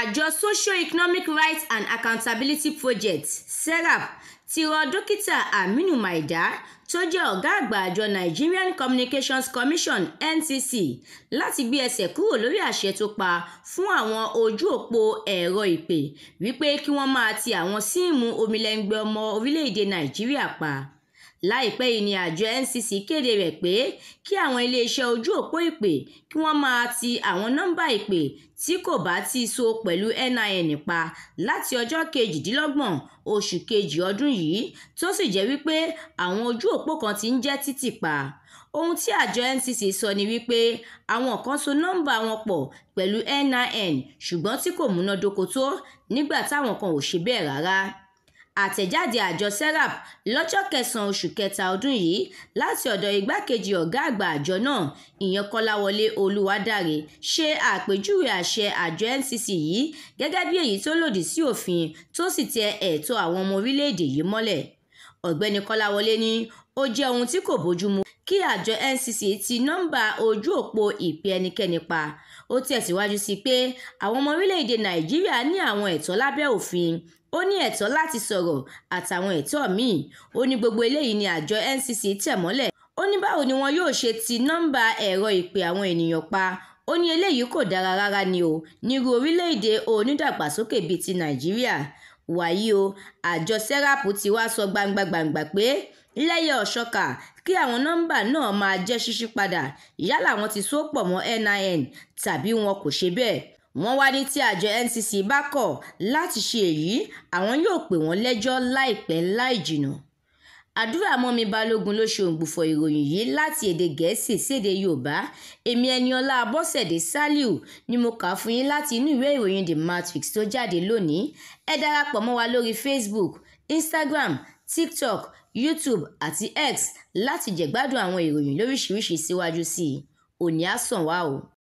àjọ socio-economic rights and accountability project serap ti rọ dókítà aminu maida tó jẹ́ ọ̀gá àgbà àjọ nigerian communications commission (NCC). láti gbé ẹsẹ̀ kúrò lórí àṣẹ tó pa fún àwọn ojú òpó ẹ̀rọ ìpè wípé kí wọ́n máa ti àwọn síìmù omilẹ́ngbẹ ọmọ orílẹ̀ nàìjíríà pa láìpẹ́ yìí ni àjọ NCC kéde rẹ̀ pé kí àwọn iléeṣẹ́ ojú òpó ìpè kí wọ́n máa ti àwọn nọ́mbà ìpè tí kò bá ti so pẹ̀lú NIN pa láti ọjọ́ kejìdínlọ́gbọ̀n oṣù kejì ọdún yìí tó sì jẹ́ wípé àwọn ojú òpó kan ti ń jẹ́ títì pa ohun tí àjọ NCC sọ ni wípé àwọn kan so nọ́mbà wọn pọ̀ pẹ̀lú NIN ṣùgbọ́n tí kò múnádóko tó nígbà táwọn kan ò ṣe bẹ́ẹ̀ rárá àtẹ̀jáde àjọ serap lọ́jọ́ kẹsàn-án oṣù kẹta ọdún yìí láti ọ̀dọ̀ igbákejì ọ̀gá àgbà àjọ náà ìyẹn kọ́láwọlé olúwadáre ṣe àpèjúwe àṣẹ àjọ ncc yìí gẹ́gẹ́ bí èyí tó lòdì sí òfin tó sì tẹ ẹ̀tọ́ àwọn ọmọ orílẹ̀-èdè yìí mọ́lẹ̀ ọ̀gbẹ́ni kọ́láwọlé ní ó jẹ́ ohun tí kò bójúmu kí àjọ ncc ti nọ́mbà ojú òpó ìpè ẹnikẹ́ni pa ó tẹ̀síwájú sí pé àwọn ọmọ orílẹ̀-èdè nàìjíríà ní àwọn ẹ̀tọ́ lábẹ́ òfin ó ní ẹ̀tọ́ láti sọ̀rọ̀ àtàwọn ẹ̀tọ́ míì ó ní gbogbo eléyìí ni àjọ NCC tẹ̀ mọ́lẹ̀ ó ní báwo ni wọn yóò ṣe ti nọ́mbà ẹ̀rọ ìpè àwọn ènìyàn pa ó ní eléyìí kò dára rárá ni o nírú orílẹ̀-èdè onídàgbàsókè bíi ti Nàìjíríà wàyí o àjọ SERAP ti wá sọ gbangba gbangba pé lẹ́yẹ ọ̀ṣọ́kà kí àwọn nọ́mbà náà máa jẹ́ ṣíṣí padà yálà wọn ti so mọ́ NIN tàbí wọn kò ṣe bẹ́ẹ̀ wọ́n wá ní tí àjọ NCC bá kọ̀ láti ṣe èyí àwọn yóò pè wọ́n lẹ́jọ́ láìpẹ́ láì jìnnà àdúrà mọ́mi balógun ló ṣe òǹgbùfọ̀ ìròyìn yìí láti èdè gẹ̀ẹ́sì séde yorùbá èmi ẹniọlá abọ́sẹ̀dé saliu ni mo kà fún yín láti inú ìwé ìròyìn the matrix tó jáde lónìí ẹ darapọ̀ mọ́ wa lórí facebook instagram tiktok youtube àti x láti jẹ̀gbádùn àwọn ìròyìn lóríṣiríṣi síwájú sí i òní á sàn o.